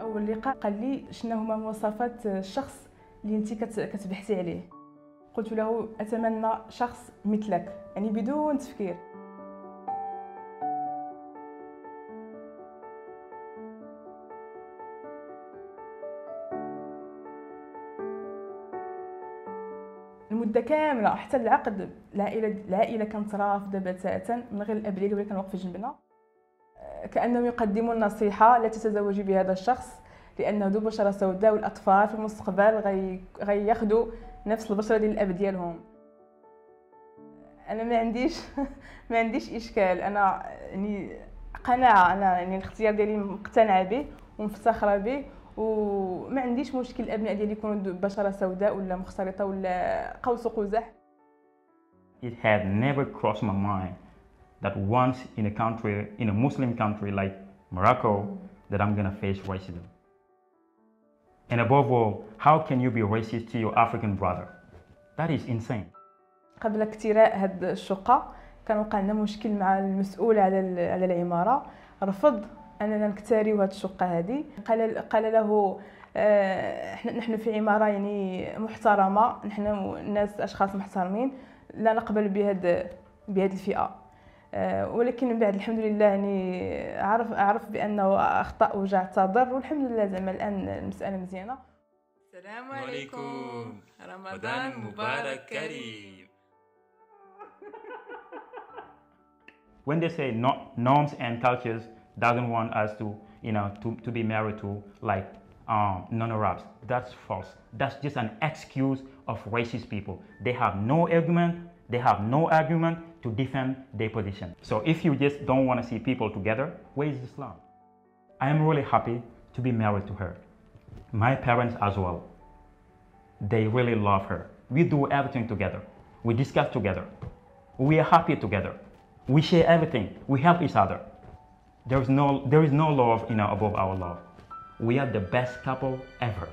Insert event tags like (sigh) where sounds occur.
اول لقاء قال لي شنو هما مواصفات الشخص اللي انت كتبحثي عليه قلت له اتمنى شخص مثلك يعني بدون تفكير المده كامله حتى العقد العائله العائله كانت رافضه بتاتا من غير الابريل ولا كنوقف جنبنا كأنهم يقدمون نصيحة لا تتزوجي بهذا الشخص لأنه ذو بشرة سوداء والأطفال في المستقبل غي, ياخذوا نفس البشرة ديال الأب ديالهم أنا ما عنديش (laughs) ما عنديش إشكال أنا يعني قناعة أنا يعني الاختيار ديالي مقتنعة به ومفتخرة به وما عنديش مشكل الابناء ديالي يكونوا بشره سوداء ولا مختلطه ولا قوس قزح It had never crossed my mind that once in a country, in a Muslim country like Morocco, that I'm gonna face racism. And above all, how can you be racist to your African brother? That is insane. قبل اكتراء هاد الشقة كان وقع لنا مشكل مع المسؤول على على العمارة رفض اننا نكتريو هاد الشقة هادي قال قال له آه، احنا نحن في عمارة يعني محترمة نحن ناس اشخاص محترمين لا نقبل بهاد بهاد الفئة ولكن بعد الحمد لله يعني عرف عرف بانه اخطا وجع اعتذر والحمد لله زعما الان المساله مزيانه السلام عليكم رمضان مبارك كريم when they say no, norms and cultures doesn't want us to you know to, to be married to like um, non-Arabs that's false that's just an excuse of racist people they have no argument they have no argument to defend their position. So if you just don't want to see people together, where is Islam? I am really happy to be married to her. My parents as well. They really love her. We do everything together. We discuss together. We are happy together. We share everything. We help each other. There is no, there is no love you know, above our love. We are the best couple ever.